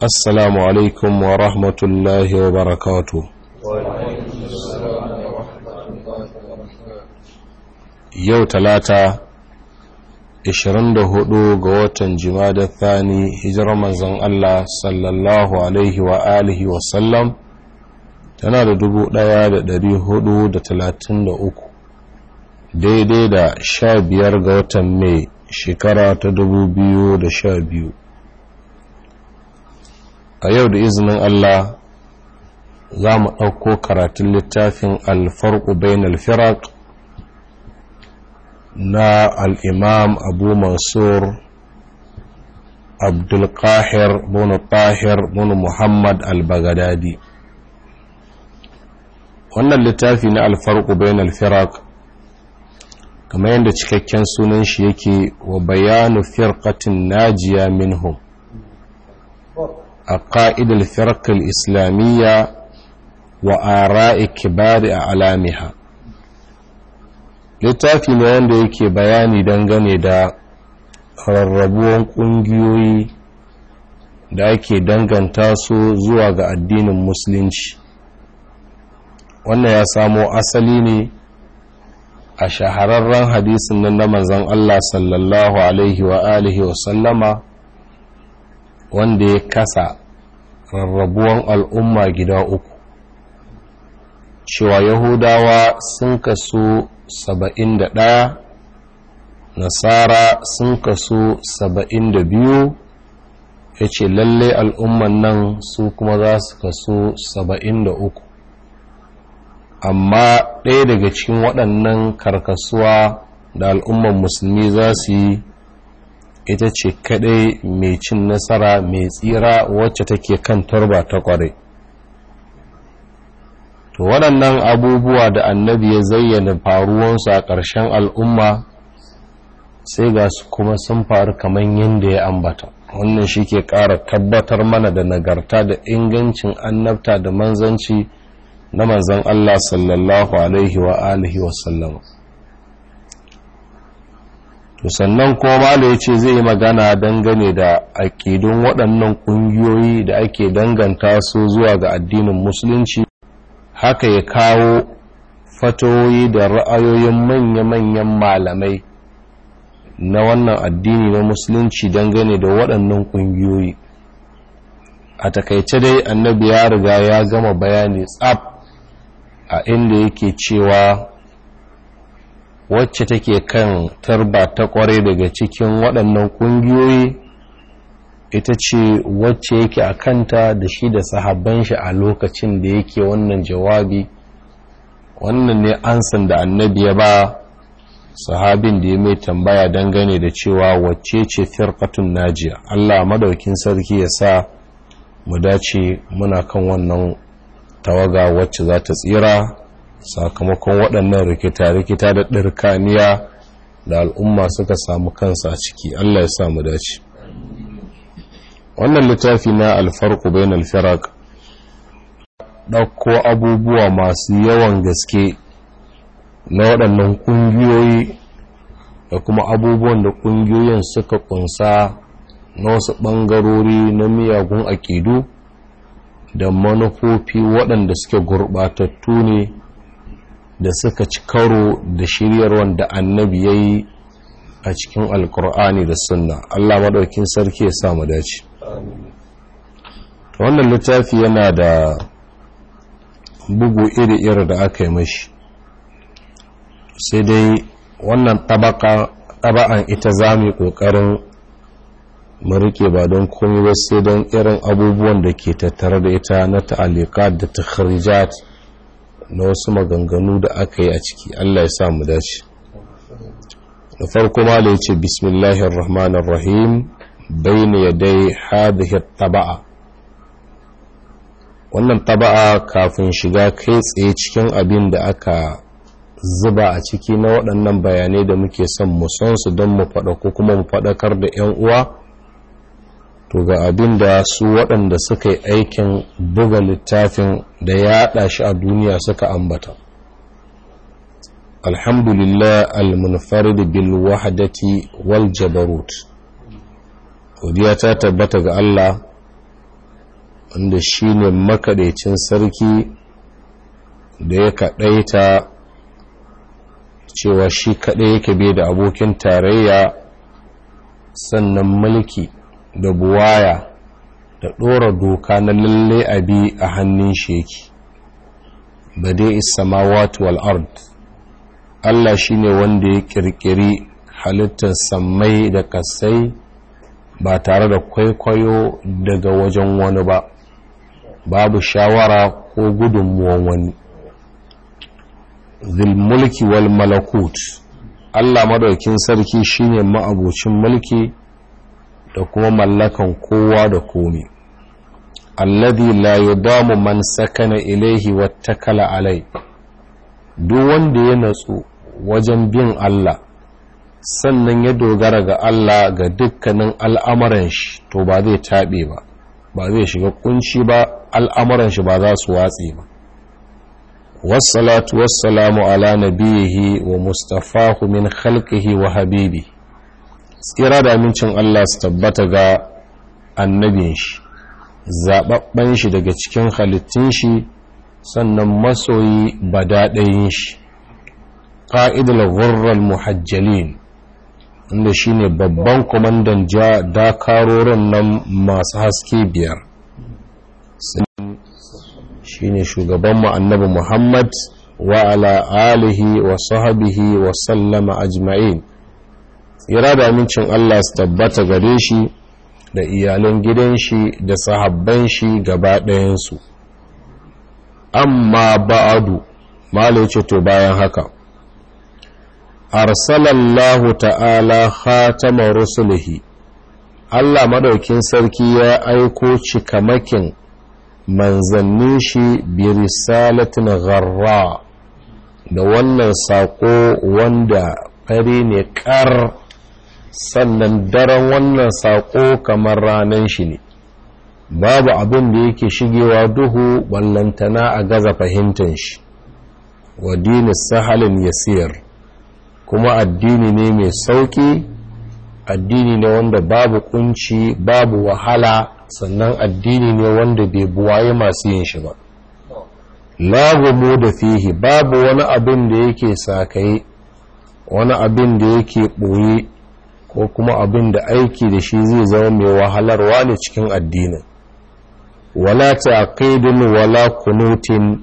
assalamu alaikum wa rahmatullahi wa barakatu yau talata 24 ga watan jimada thani hijirar manzan Allah sallallahu alaihi wa alihi wa sallam tana da 1433 daidai da 15 ga watan mai shekara ta 2012 a yau da izinin Allah za mu ɗauko karatun littafin alfarƙu bain alfirak na al'imam abu mansur abdulkahir bunu tahir bunu muhammad al-bagadadi wannan littafi na alfarƙu bainal Firak kamar yadda cikakken sunan shi yake wa bayanu firkatin najiya minhum عقائد الفرق الإسلامية وآراء كبار أعلامها littafi ne wanda yake bayani dangane da rarrabuwan ƙungiyoyi da ake danganta su zuwa ga addinin musulunci wannan ya samo asali ne a shahararren hadisin nan na manzan Allah sallallahu alaihi wa alihi wa sallama wanda ya kasa rarrabuwan al'umma gida uku cewa yahudawa sun kasu saba'in da ɗaya nasara sun kasu saba'in da biyu ya ce lalle al'umman nan su kuma za su kasu saba'in da uku amma ɗaya daga cikin waɗannan karkasuwa da al'umman musulmi za su yi ita ce kadai mai cin nasara mai tsira wacce take kan turba ta kware to waɗannan abubuwa da annabi ya zayyana faruwansu a ƙarshen al'umma sai ga su kuma sun faru kamar yadda ya ambata wannan shi ke ƙara tabbatar mana da nagarta da ingancin annabta da manzanci na manzan Allah sallallahu alaihi wa alihi wasallama sannan kuma malo ya ce zai yi magana dangane da aƙidun waɗannan ƙungiyoyi da ake danganta su zuwa ga addinin musulunci haka ya kawo fatoyi da ra'ayoyin manya-manyan malamai na wannan addini na musulunci dangane da waɗannan ƙungiyoyi a takaice dai annabi ya riga ya gama bayani tsab a inda yake cewa wacce take kan tarba ta kware daga cikin waɗannan ƙungiyoyi ita ce wacce yake a kanta da shi da sahabban shi a lokacin da yake wannan jawabi wannan ne ansan da annabi ya ba sahabin da ya mai tambaya dangane da cewa wacce ce firkatun najiya Allah madaukin sarki ya sa mu dace muna kan wannan tawaga wacce za ta tsira sakamakon waɗannan rikita-rikita da ɗirkaniya da al'umma suka samu kansa a ciki Allah ya samu dace wannan littafi na alfarku bayan alfirak ɗauko abubuwa masu yawan gaske na waɗannan ƙungiyoyi da kuma abubuwan da ƙungiyoyin suka ƙunsa na wasu ɓangarori na miyagun aƙidu da manufofi waɗanda suke gurɓatattu ne da suka ci karo da shiryar wanda annabi ya yi a cikin alkur'ani da sunna allah maɗaukin sarki ya samu dace wannan littafi yana da bugu iri-iri da aka yi mashi sai dai wannan taba'an ita za mu yi ƙoƙarin marike ba don komi ba sai don irin abubuwan da ke tattare da ita na ta'alika da takharijat na wasu maganganu da aka yi a ciki Allah ya sa mu dace da farko ma da yace bismillahir rahmanir rahim bayna yaday hadhihi taba'a wannan taba'a kafin shiga kai tsaye cikin abin da aka zuba a ciki na waɗannan bayanai da muke son mu san su don mu faɗa ko kuma mu faɗakar da 'yan uwa to ga abin da su waɗanda suka yi aikin buga littafin da yaɗa shi a duniya suka ambata alhamdulillah al-munfarid bil wahdati wal jabarut godiya ta tabbata ga Allah wanda shine makaɗaicin sarki da ya kaɗaita cewa shi kaɗai yake bai da abokin tarayya sannan mulki da buwaya da ɗora doka na lalle abi a hannun sheki ba dai isa isamawatu al’ard Allah shi ne wanda ya ƙirƙiri halittar sammai da kasai ba tare da kwaikwayo daga wajen wani ba babu shawara ko gudunmuwan wani zilmulki wal malakut Allah madaukin sarki shine ma'abocin mulki da kuma mallakan kowa da komi alladhi la yudamu man sakana ilaihi wattakala alai duk wanda ya natsu wajen bin Allah sannan ya dogara ga Allah ga dukkanin al'amuran shi to ba zai taɓe ba ba zai shiga kunci ba al'amuran shi ba za su watsi ba wassalatu wassalamu ala nabiyihi wa mustafahu min khalqihi wa habibi tsira da amincin Allah su tabbata ga annabin shi zaɓaɓɓen shi daga cikin halittun shi sannan masoyi ba shi ƙa'idul ghurral muhajjalin inda shi ne babban kwamandan dakarorin nan masu haske biyar shi ne shugaban annabi muhammad wa ala alihi wa sahabihi wa sallama ajma'in irada amincin Allah su tabbata gare shi da iyalan gidan shi da sahabban shi gaba ɗayansu amma ba'adu malo ce to bayan haka arsalallahu ta'ala khatama rusulihi Allah madaukin sarki ya aiko cikamakin manzannin shi bi risalatin gharra da wannan sako wanda fari ne kar sannan daren wannan saƙo kamar ranar shi ne babu abin da yake shigewa duhu ballantana a gaza fahimtar shi wa dini sahalin yasir kuma addini ne mai sauƙi addini ne wanda babu kunci babu wahala sannan addini ne wanda bai buwaye masu yin shi ba lagumu da fihi babu wani abin da yake sakaye wani abin da yake ɓoye ko kuma abin da aiki da shi zai zama mai wahalarwa ne cikin addinin wala taqidin wala kunutin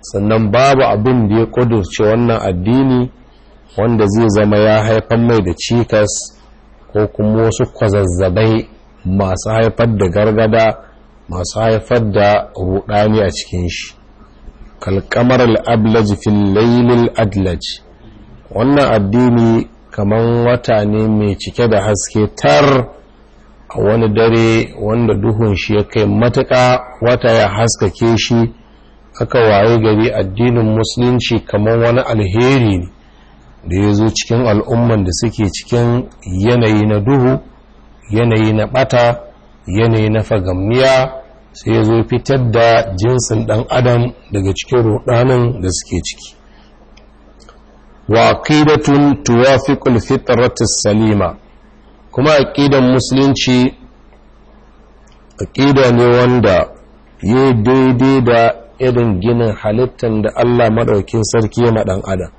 sannan babu abin da ya kudurce wannan addini wanda zai zama ya haifar mai da cikas ko kuma wasu kwazazzabai masu haifar da gargada masu haifar da rudani a cikin shi kalkamar al'ablaj fil laylil adlaj wannan addini kaman wata ne mai cike da haske tar a wani dare wanda duhun shi ya kai matuƙa wata ya haskake shi aka waye gari addinin musulunci kaman wani alheri ne da ya zo cikin al'umman da suke cikin yanayi na duhu yanayi na ɓata yanayi na fagamniya sai ya zo fitar da jinsin ɗan adam daga cikin ruɗanin da suke ciki waƙidatun tuwafiƙul fitratus salima kuma aƙidan musulunci aƙida ne wanda ya daidai da irin ginin halittar da Allah maɗaukin sarki ya ɗan adam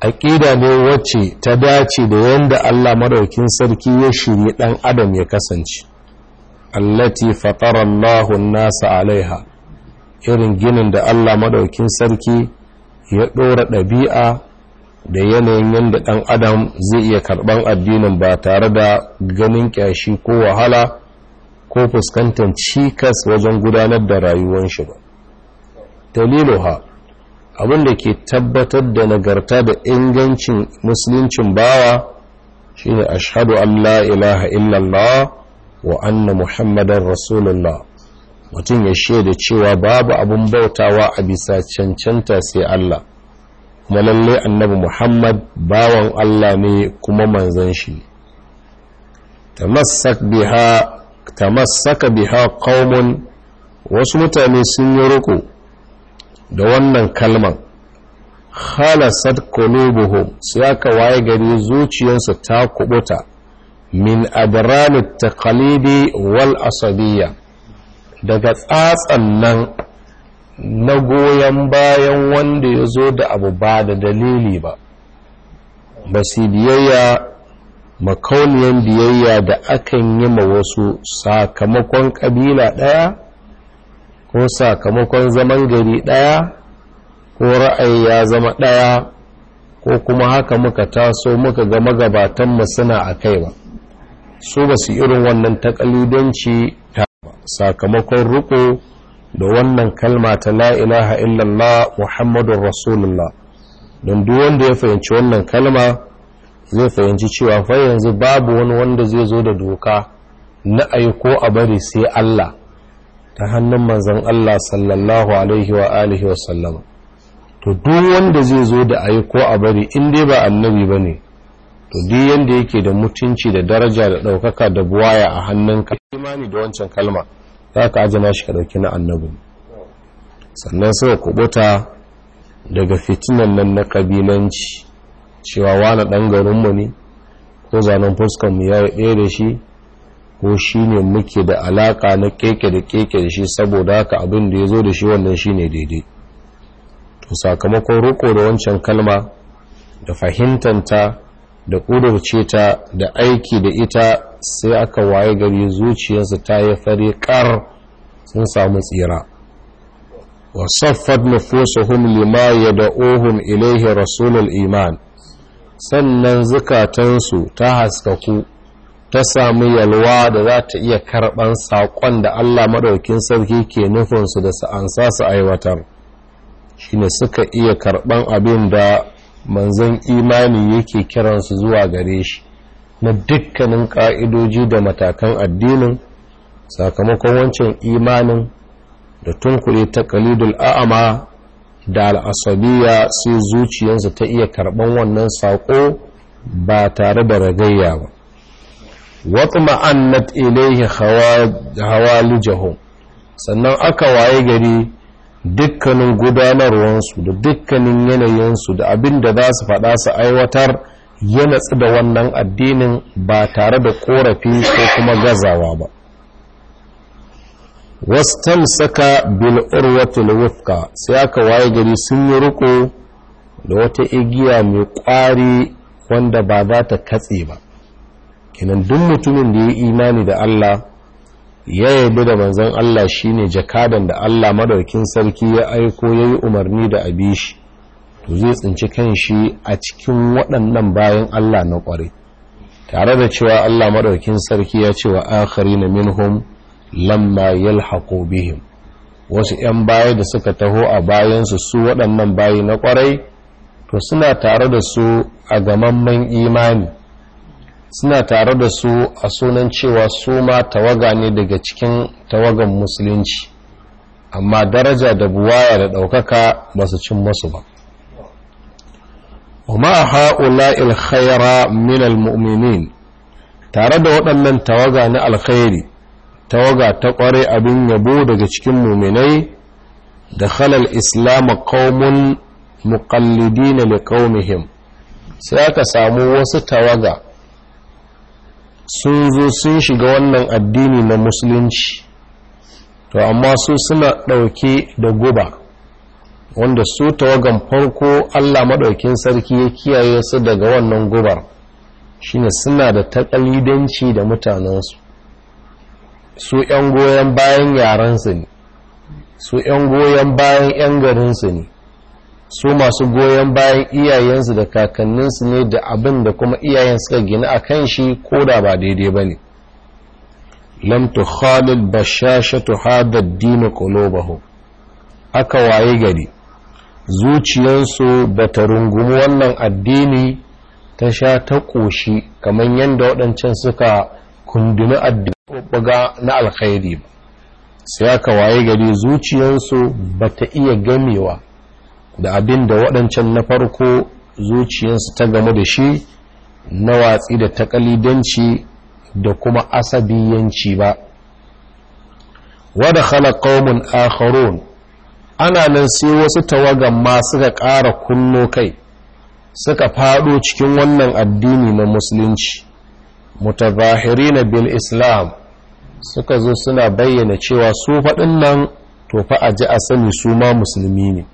aƙida ne wacce ta dace da yadda Allah maɗaukin sarki ya shirya ɗan adam ya kasance allati fatarallahu nasa alaiha irin ginin da Allah maɗaukin sarki ya ɗora ɗabi'a da yanayin yadda ɗan adam zai iya karɓar addinin ba tare da ganin ƙyashi ko wahala ko fuskantar cikas wajen gudanar da rayuwar shi ba daliluha abinda ke tabbatar da nagarta da ingancin musuluncin bawa shine ashhadu an Allah ilaha illallah wa anna muhammadan rasulullah mutum ya shaida cewa babu abin bautawa a bisa cancanta sai Allah kuma lalle annabi Muhammad bawan Allah ne kuma manzan shi Ta tamassaka biha qaumun wasu mutane sun yi roko da wannan kalman khalasat qulubuhum sai aka waye gari zuciyarsu ta kubuta min adran at-taqalidi wal asabiyya daga tsatsan nan na goyon bayan wanda ya zo da abu ba da dalili ba ba su biyayya makauniyan biyayya da akan yi ma wasu sakamakon ƙabila ɗaya ko sakamakon zaman gari ɗaya ko ra'ayi ya zama ɗaya ko kuma haka muka taso muka ga magabatan suna a kai ba su ba su irin wannan takalidanci ta sakamakon rukun. da wannan kalma ta la ilaha illallah muhammadun rasulullah don duk wanda ya fahimci wannan kalma zai fahimci cewa fa yanzu babu wani wanda zai zo da doka na aiko a bari sai Allah ta hannun manzon Allah sallallahu alaihi wa alihi wa sallama to duk wanda zai zo da aiko a bari in dai ba annabi ba ne to duk yanda yake da mutunci da daraja da ɗaukaka da buwaya a hannunka imani da wancan kalma za ka ajiye nashi ka dauki na annabin sannan suka kubuta daga fitinan nan na kabilanci cewa wani ɗan garinmu ne ko zanen fuskanmu ya ɗaya da shi ko shi ne muke da alaƙa na keke da keke da shi saboda haka abin da ya zo da shi wannan shi ne daidai to sakamakon roƙo da wancan kalma da fahimtanta da ƙudurce ta da aiki da ita sai aka waye gari zuciyarsa ta yi fari sun samu tsira wasaffat nufusuhum lima ohun ilaihi rasulul iman sannan zukatansu ta haskaku ta samu yalwa da za ta iya karɓan saƙon da Allah maɗaukin sarki ke nufinsu da sa'ansa su aiwatar shi ne suka iya karɓan abin da manzon imani yake kiransu zuwa gare shi na dukkanin ƙa'idoji da matakan addinin sakamakon wancan imanin da tunkure ta kalidul a'ama da al'asabiya sai zuciyarsa ta iya karɓan wannan saƙo ba tare da ragayya ba wata ma'annat ilaihi hawa sannan aka waye gari dukkanin gudanarwansu da dukkanin yanayinsu da abin da za su faɗa su aiwatar ya natsu da wannan addinin ba tare da ƙorafi ko kuma gazawa ba wasu tan saka wata lufka sai aka waye gari sun yi riko da wata igiya mai ƙwari wanda ba za ta katse ba kinan duk mutumin da ya imani da Allah ya yabi da manzon Allah shi ne jakadan da Allah madaukin sarki ya aiko ya yi umarni da abi shi to zai tsinci kan shi a cikin waɗannan bayan Allah na ƙware tare da cewa Allah madaukin sarki ya ce wa na minhum lamma yalhaqu bihim wasu 'yan baya da suka taho a bayansu su waɗannan bayi na ƙwarai to suna tare da su a gamamman imani suna tare da su a sunan cewa su ma tawaga ne daga cikin tawagan musulunci amma daraja da buwaya da ɗaukaka ba su cin masu ba وما ha'ula الخير minal المؤمنين tare da waɗannan tawaga na alkhairi tawaga ta ƙware abin yabo daga cikin muminai da halal islamu qaumun muqallidin liqaumihim sai aka samu wasu tawaga sun zo sun shiga wannan addini na musulunci to amma su suna ɗauke da guba wanda su tawagan farko allah maɗaukin sarki ya kiyaye su daga wannan gubar shine suna da taƙalidanci da mutanensu su 'yan goyon bayan yaransu ne su 'yan goyon bayan 'yan garinsu ne su masu goyon bayan iyayensu da kakanninsu ne da abin da kuma iyayen suka gina a kan shi ko da ba daidai ba ne lam tu khalil bashashatu hada dina qulubahum aka waye gari zuciyarsu ba ta rungumi wannan addini ta sha ta ƙoshi kamar yadda waɗancan suka kundinu addini na alkhairi ba sai aka waye gari zuciyarsu ba ta iya gamewa da abin da waɗancan na farko zuciyarsu ta gamu da shi na watsi da takalidanci da kuma asabiyanci ba wadda khalaqawmun akharon, ana nan sai wasu tawagan ma suka ƙara kunno kai suka fado cikin wannan addini na musulunci na bil islam suka zo suna bayyana cewa su faɗin nan tofa a ji a sani su ma musulmi ne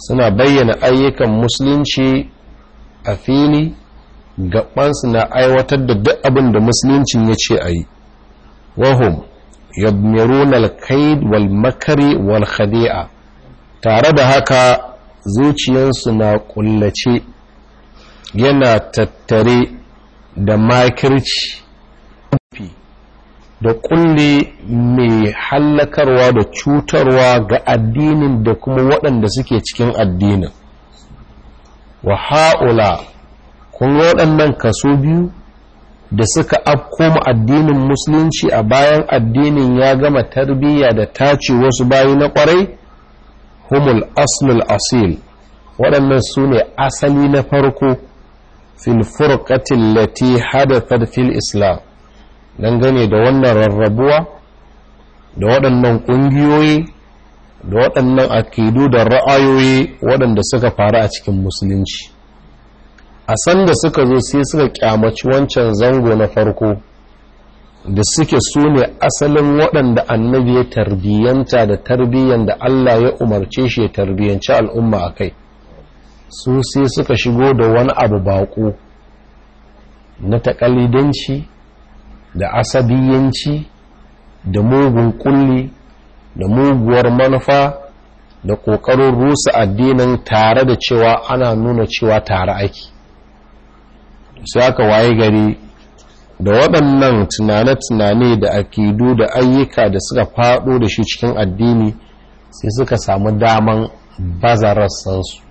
suna bayyana ayyukan musulunci a fili gabansu na aiwatar da duk abin da musuluncin ya ce a yi wahum yadmiruna alkaid wal makari wal khadi'a tare da haka zuciyarsu na kullace yana tattare da makirci da kulle mai hallakarwa da cutarwa ga addinin da kuma waɗanda suke cikin addinin wa ha'ula kun waɗannan kaso biyu da suka afkoma addinin musulunci a bayan addinin ya gama tarbiyya da tace wasu bayi na ƙwarai humul aslul asil waɗannan su ne asali na farko fil furqatin lati hadathat fil islam dangane da wannan rarrabuwa da waɗannan ƙungiyoyi da waɗannan akidu da ra'ayoyi waɗanda suka faru a cikin musulunci a sanda suka zo sai suka kyamaci wancan zango na farko da suke su ne asalin waɗanda annabi ya tarbiyyanta da tarbiyyan da Allah ya umarce shi ya tarbiyyanci al'umma a kai su sai suka shigo da wani abu baƙo na taƙalidanci da asabiyanci da mugun kulli da muguwar manufa da ƙoƙarin rusa addinin tare da cewa ana nuna cewa tare ake su aka waye gari da waɗannan tunane-tunane da akidu da ayyuka da suka faɗo da shi cikin addini sai suka samu daman bazararsansu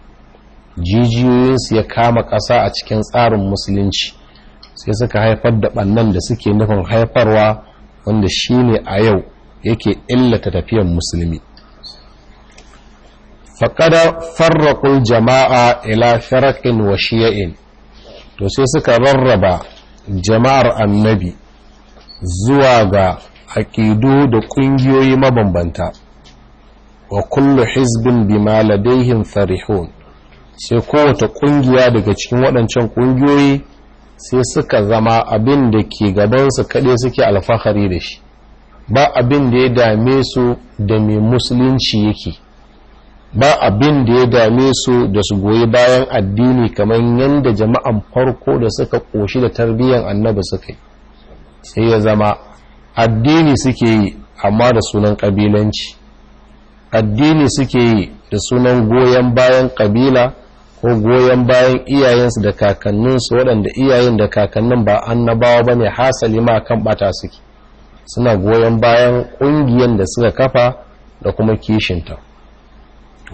jijiyoyinsu ya kama ƙasa a cikin tsarin musulunci sai suka haifar da ɓannan da suke nufin haifarwa wanda shi ne a yau yake illata tafiyan musulmi faƙada farraƙul jama'a ila faraƙin wa shiya'in to sai suka rarraba jama'ar annabi zuwa ga aƙidu da ƙungiyoyi mabambanta wa kullu hizbin bimaladaihin farihun sai kowace ƙungiya daga cikin waɗancan ƙungiyoyi sai suka zama abin da ke gabansu kaɗai suke alfahari da shi ba abin da ya dame su da mai musulunci yake ba abin da ya dame su da su goyi bayan addini kamar yadda jama'an farko da suka ƙoshi da tarbiyyar annaba suka yi sai ya zama addini suke yi amma da sunan ƙabilanci addini suke yi da sunan goyon bayan ƙabila ko goyon bayan iyayensu da kakanninsu waɗanda iyayen da kakannin ba annabawa ba ne hasali ma kan ɓata suke suna goyon bayan ƙungiyar da suka kafa da kuma kishinta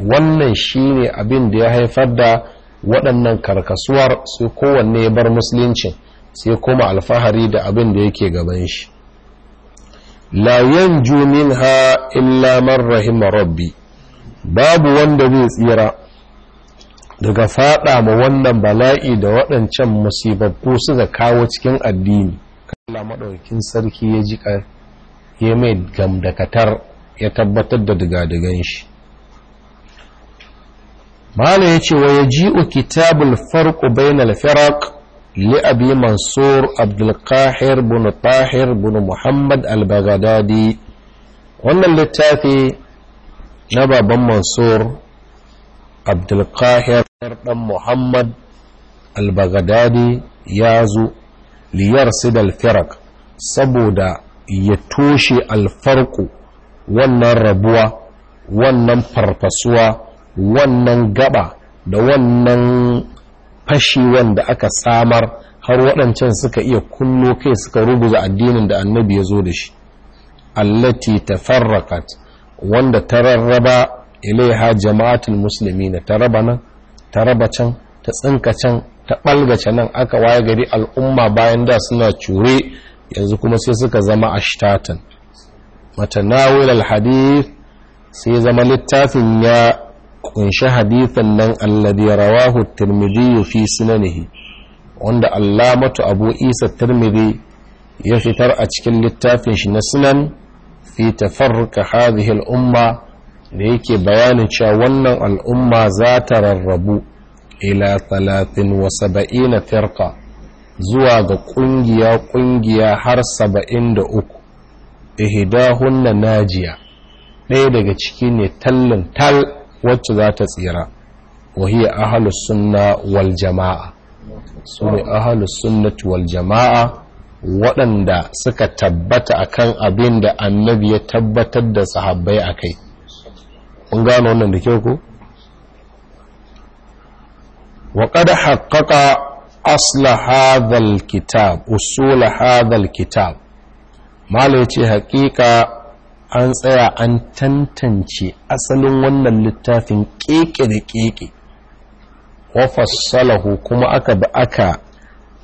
wannan shi ne abin da ya haifar da waɗannan karkasuwar sai kowanne ya bar musulunci sai kuma alfahari da abin da yake gaban shi Layan yanju ha illa man rahima rabbi babu wanda zai tsira daga fada ma wannan bala'i da waɗancan musibabbu da kawo cikin addini kalla maɗaukin sarki ya ji ya mai gamdakatar ya tabbatar da digadigan shi Malam ya ce wa ya ji ji'u kitabul farko bainal firak li'abi mansur abdulkahir bunu tahir bunu muhammad al wannan littafi na baban mansur abdulkahir ɗan muhammad albagadadi ya zo liyar sidal firak saboda ya toshe alfarku wannan rabuwa wannan farfasuwa wannan gaba da wannan fashewan da aka samar har waɗancan suka iya kullo kai suka ruguza addinin da annabi ya zo da shi allati tafarraqat wanda ta rarraba ilaiha jama'atul muslimina ta raba nan ta raba can ta tsinka can ta ɓalgace nan aka waye gari al'umma bayan da suna cure yanzu kuma sai suka zama ashtatan matanawil alhadith sai zama littafin ya kunshi hadithan nan alladhi rawahu at-tirmidhi fi sunanihi wanda allamatu abu isa tirmidhi ya fitar a cikin littafin shi na sunan fi tafarruka hadhihi al-umma da yake bayanin cewa wannan al'umma za ta rarrabu ila talatin wa firka zuwa ga ƙungiya-ƙungiya har saba'in da uku ihidahunna najiya ɗaya daga ciki ne tallin tal wacce za ta tsira wahiyar ahalus sunna wal jama'a su ne ahalus sunnati wal jama'a waɗanda suka tabbata akan abin da annabi ya tabbatar da sahabbai a kai kun gano wannan da kyau ko wa haƙaƙa haqqaqa asla hadhal kitab usul hadhal kitab malai yace haƙiƙa an tsaya an tantance asalin wannan littafin keke da keke wa fassalahu kuma aka bi aka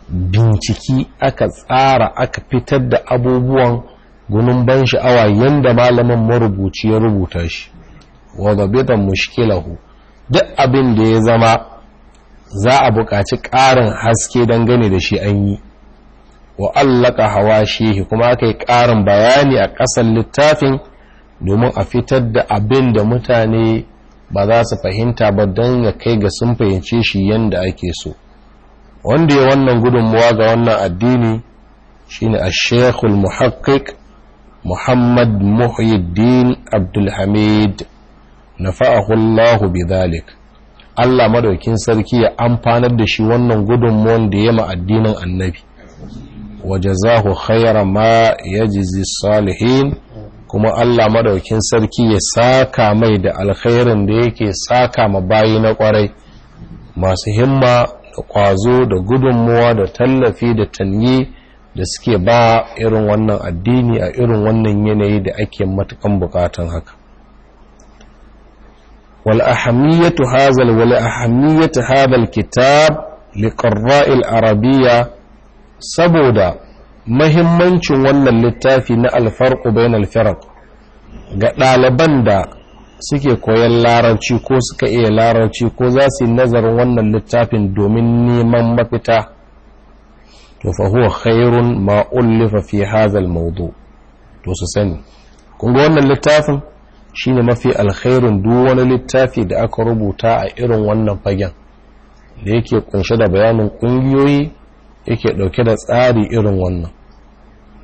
binciki aka tsara aka fitar da abubuwan gunun ban sha'awa yanda malamin marubuci ya rubuta shi wa dabitan mushkilahu duk abin da ya zama za a buƙaci ƙarin haske gani da shi an yi wa allaka hawa shehi kuma aka yi ƙarin bayani a ƙasar littafin domin a fitar da abin da mutane ba za su fahimta ba don ya kai ga sun fahimce shi yadda ake so wanda ya wannan gudunmuwa ga wannan addini shine a shekul muhammad muhyiddin abdulhamid nafa'ahu Allahu Bid'alik Allah madaukin sarki ya amfanar da shi wannan gudunmuwan da ya ma addinin annabi ku khayra ma yajzi salihin kuma Allah madaukin sarki ya saka mai da alkhairin da yake saka ma bayi na kwarai masu himma da kwazo da gudunmuwa da tallafi da tanyi da suke ba irin wannan addini a irin wannan yanayi da ake matukan bukatan haka والأهمية هذا ولأهمية هذا الكتاب لقراء العربية سبودا mahimmancin wannan littafi na alfarku bayan ga ɗaliban da suke koyon larabci ko suka iya larabci ko za su yi nazarin wannan littafin domin neman mafita to fa huwa khairun ma ullifa fi hadha al-mawdu to su sani kun ga wannan littafin shine mafi alkhairin duk wani littafi da aka rubuta a irin wannan fagen da yake kunshe da bayanin kungiyoyi yake dauke da tsari irin wannan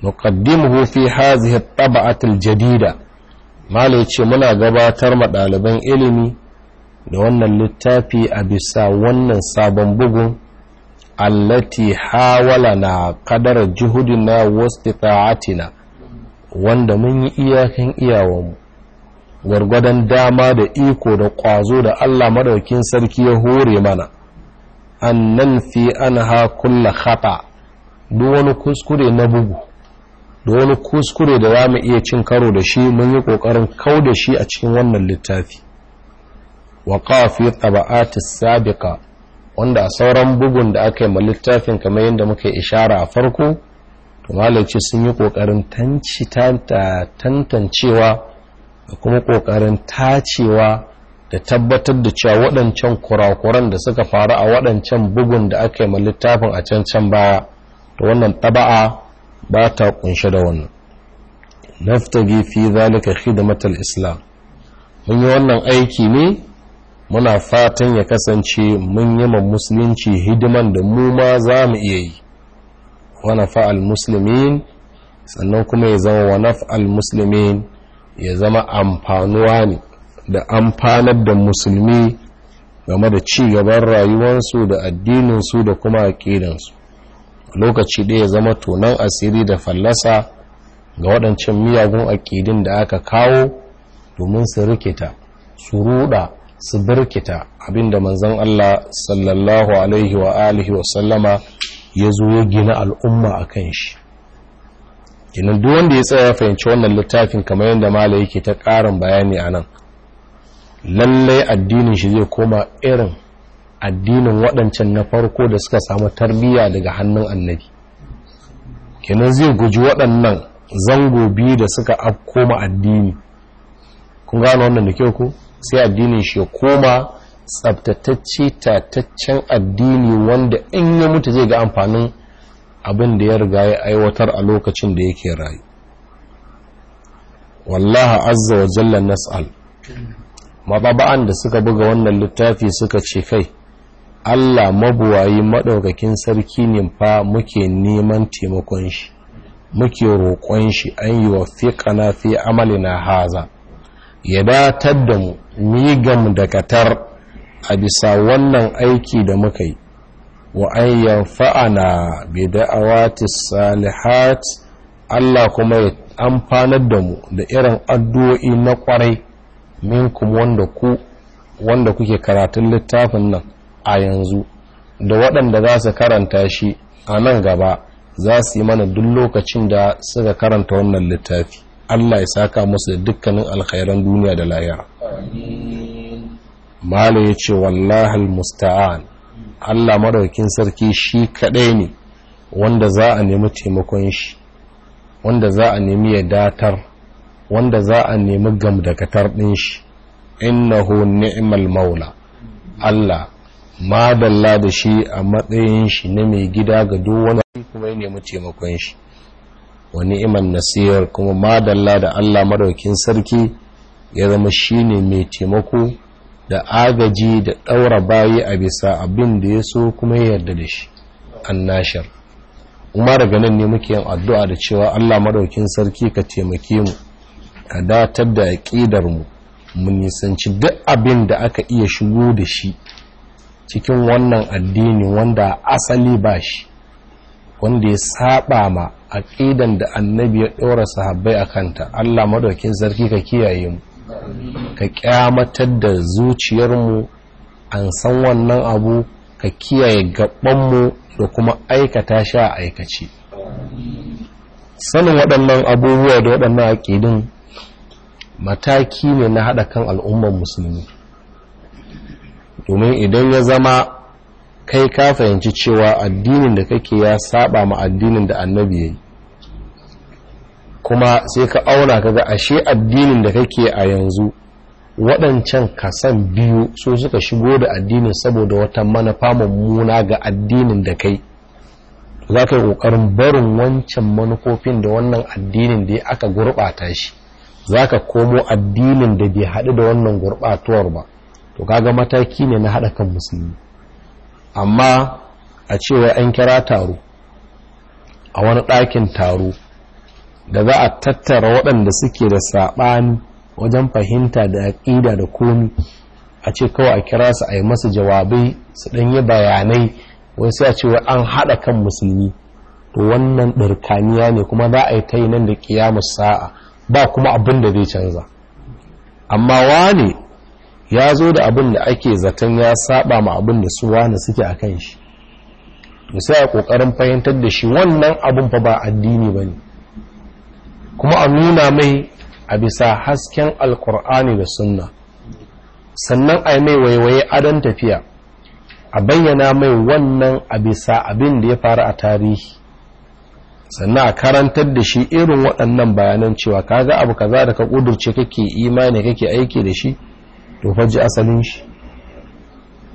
nuqaddimuhu fi hazihi at-tab'at al-jadida malai ce muna gabatar ma ɗaliban ilimi da wannan littafi a bisa wannan sabon bugun allati hawala na kadar juhudina wasu ta'atina wanda mun yi iyakan iyawanmu gwargwadon dama da iko da ƙwazo da Allah madaukin sarki ya hore mana an nan fi an ha kulla duk wani kuskure na bugu da wani kuskure da za mu iya cin karo da shi mun yi ƙoƙarin kau da shi a cikin wannan littafi wa ƙafi tsaba'ati sabiƙa wanda a sauran bugun da aka yi ma littafin kamar yadda muka ishara a farko to sun yi ƙoƙarin tantancewa da kuma ƙoƙarin tacewa da tabbatar da cewa waɗancan kurakuran da suka faru a waɗancan bugun da aka yi littafin a can can baya to wannan taba'a ba ta kunshe da wannan naftagi fi zalika khidmatul islam mun yi wannan aiki ne muna fatan ya kasance mun yi ma musulunci hidiman da mu ma za mu iya yi wa nafa'al muslimin sannan kuma ya zama wa naf'al muslimin ya zama amfanuwa ne da amfanar da musulmi game da ci gaban rayuwarsu da addininsu da kuma aƙidansu lokaci ɗaya zama tonon asiri da fallasa ga waɗancan miyagun aƙidin da aka kawo domin su rikita su ruɗa su birkita abinda manzon Allah sallallahu alaihi wa alihi wa sallama ya zo ya gina al'umma a kan shi kinan duk wanda ya tsaya fahimci wannan littafin kamar yadda mala yake ta ƙarin bayani a nan lallai addinin shi zai koma irin addinin waɗancan na farko da suka samu tarbiyya daga hannun annabi kenan zai guji waɗannan zango biyu da suka afkoma addini kun gano wannan da kyau ko sai addinin shi ya koma tsabtatacce tataccen addini wanda in ya mutu zai ga amfanin abin da ya riga ya aiwatar a lokacin da yake rayu wallaha azza wa jalla nas'al maɓaba'an da suka buga wannan littafi suka ce kai Allah mabuwayi maɗaukakin sarki ne fa muke neman taimakon shi muke roƙon shi an yi wa fiƙana fi amalina haza ya datar da mu migan da katar a bisa wannan aiki da muka yi وأن ينفعنا بدعوات salihat, Allah kuma ya amfanar da mu da irin addu'o'i na ƙwarai minkum wanda ku wanda kuke karatun littafin nan a yanzu da waɗanda za su karanta shi a nan gaba za su yi mana duk lokacin da suka karanta wannan littafi Allah ya saka musu da dukkanin alkhairan duniya da lahira. Mala ya ce wallahal musta'an Allah maɗaukin sarki shi kaɗai ne wanda za a nemi taimakon shi wanda za a nemi ya datar wanda za a nemi gamdakatar ɗin shi innahu ni'mal maula Allah madalla da shi a matsayin shi na mai gida ga duk wani kuma ya nemi taimakon shi wa ni'man nasir kuma madalla da Allah maɗaukin sarki ya zama shine mai taimako da agaji da ɗaura bayi a bisa abin da ya so kuma ya yarda da shi an nashar. kuma daga nan ne muke yin addu'a da cewa Allah maɗaukin sarki ka taimake mu ka datar da aƙidar mu mu nisanci duk abin da aka iya shigo da shi cikin wannan addini wanda asali ba shi wanda ya saba ma aƙidan da annabi ya ɗora sahabbai a kanta Allah maɗaukin sarki ka kiyaye mu ka kyamatar da zuciyarmu an san wannan abu ka kiyaye gabanmu da kuma aikata shi a aikace sanin waɗannan abubuwa da waɗannan aƙidin mataki ne na haɗa kan al'ummar musulmi domin idan ya zama kai ka fahimci cewa addinin da kake ya saba ma addinin da annabi ya yi kuma sai ka auna ka ga ashe addinin da kake a yanzu waɗancan kasan biyu so suka shigo da addinin saboda wata manufa mummuna ga addinin da kai za ka yi ƙoƙarin barin wancan manufofin da wannan addinin da ya aka gurɓata shi za ka komo addinin da bai haɗu da wannan gurɓatuwar ba to kaga mataki ne na haɗa kan musulmi amma a cewa an kira taro a wani ɗakin taro da za a tattara waɗanda suke da saɓani wajen fahimta da aƙida da komi a ce kawai a kira su a yi masu jawabai su ɗanyi bayanai wai sai a ce wa an haɗa kan musulmi to wannan ɗarkaniya ne kuma za a yi ta yi nan da ƙiyamu sa'a ba kuma abin da zai canza amma wane ya zo da abin da ake zaton ya saba ma abin da su wane suke a kan shi to sai a ƙoƙarin fahimtar da shi wannan abin fa ba addini ba ne kuma a nuna mai a bisa hasken alkur'ani da sunna sannan a yi mai waiwaye adon tafiya a bayyana mai wannan a bisa abin da ya faru a tarihi sannan a karantar da shi irin waɗannan bayanan cewa kaga abu kaza da ka ƙudurce kake imani kake aiki da shi to faji asalin shi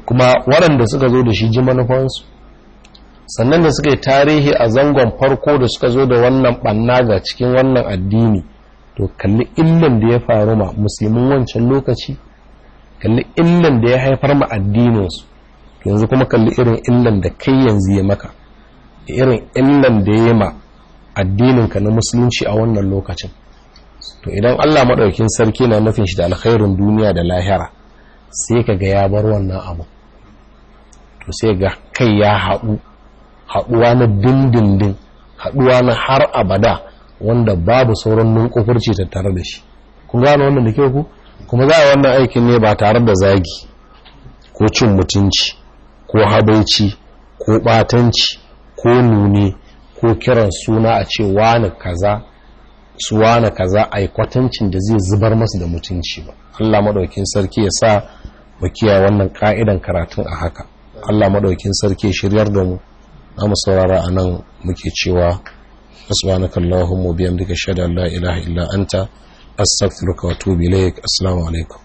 kuma waɗanda suka zo da shi ji manufansu sannan da suka yi tarihi a zangon farko da suka zo da wannan banna ga cikin wannan addini to kalli illan da ya faru ma musulmin wancan lokaci kalli illan da ya haifar ma addininsu yanzu kuma kalli irin illan da kai yanzu ya maka irin illan da ya ma addininka na musulunci a wannan lokacin to idan Allah maɗaukin sarki na nufin shi da alkhairin duniya da lahira sai ka ga ya bar wannan abu to sai ga kai ya haɗu haɗuwa na dindindin haɗuwa na har abada wanda babu sauran nunkufurci tare da shi kun gane wannan da ke ku kuma za a wannan aikin ne ba tare da zagi ko cin mutunci ko habaici ko batanci ko nune ko kiran suna a ce wani kaza su wani kaza a yi kwatancin da zai zubar masu da mutunci ba allah maɗaukin sarki ya sa mu wannan ka'idan karatun a haka allah maɗaukin sarki ya shiryar da mu za mu a nan muke cewa subhanaka mu biyan shada la la'ilaha illa anta astaghfiruka wa atubu ilaik assalamu alaikum